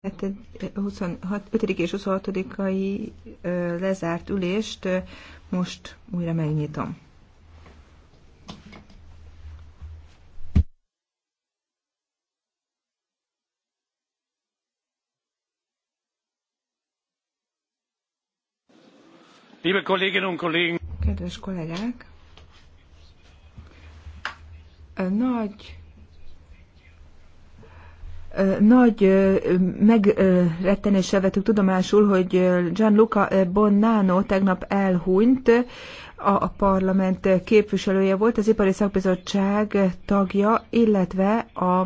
26, 5. Eh, és 26-ai lezárt ülést most újra megnyitom. Liebe Kolleginnen und Kollegen! Kedves kollégák! Nagy nagy megrettenéssel vettük tudomásul, hogy Gianluca Bonnano tegnap elhunyt, a parlament képviselője volt, az Ipari Szakbizottság tagja, illetve a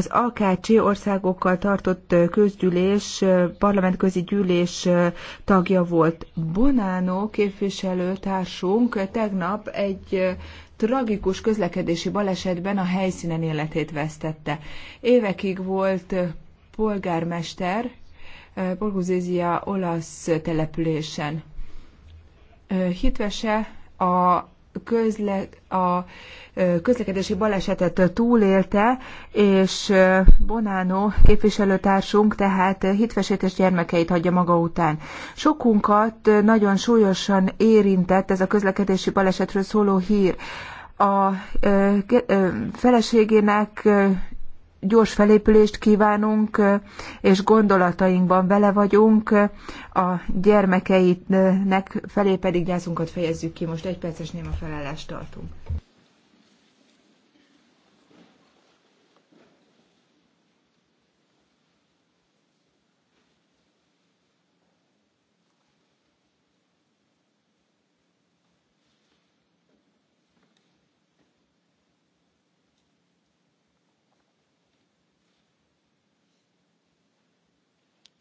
az AKC országokkal tartott közgyűlés, parlamentközi gyűlés tagja volt. Bonánó képviselőtársunk tegnap egy tragikus közlekedési balesetben a helyszínen életét vesztette. Évekig volt polgármester Borgozézia olasz településen. Hitvese a közle, a közlekedési balesetet túlélte, és Bonánó képviselőtársunk tehát és gyermekeit hagyja maga után. Sokunkat nagyon súlyosan érintett ez a közlekedési balesetről szóló hír. A feleségének gyors felépülést kívánunk, és gondolatainkban vele vagyunk, a gyermekeinek felé pedig gyászunkat fejezzük ki. Most egy perces néma felállást tartunk.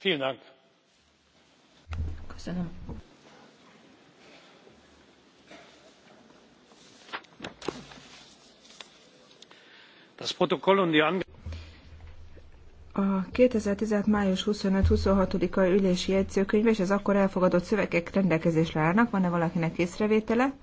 köszönöm. a two thousand and fifteen május twenty five twenty six ai ülési jegyzőkönyv és az akkor elfogadott szövegek rendelkezésre állnak van e valakinek észrevétele?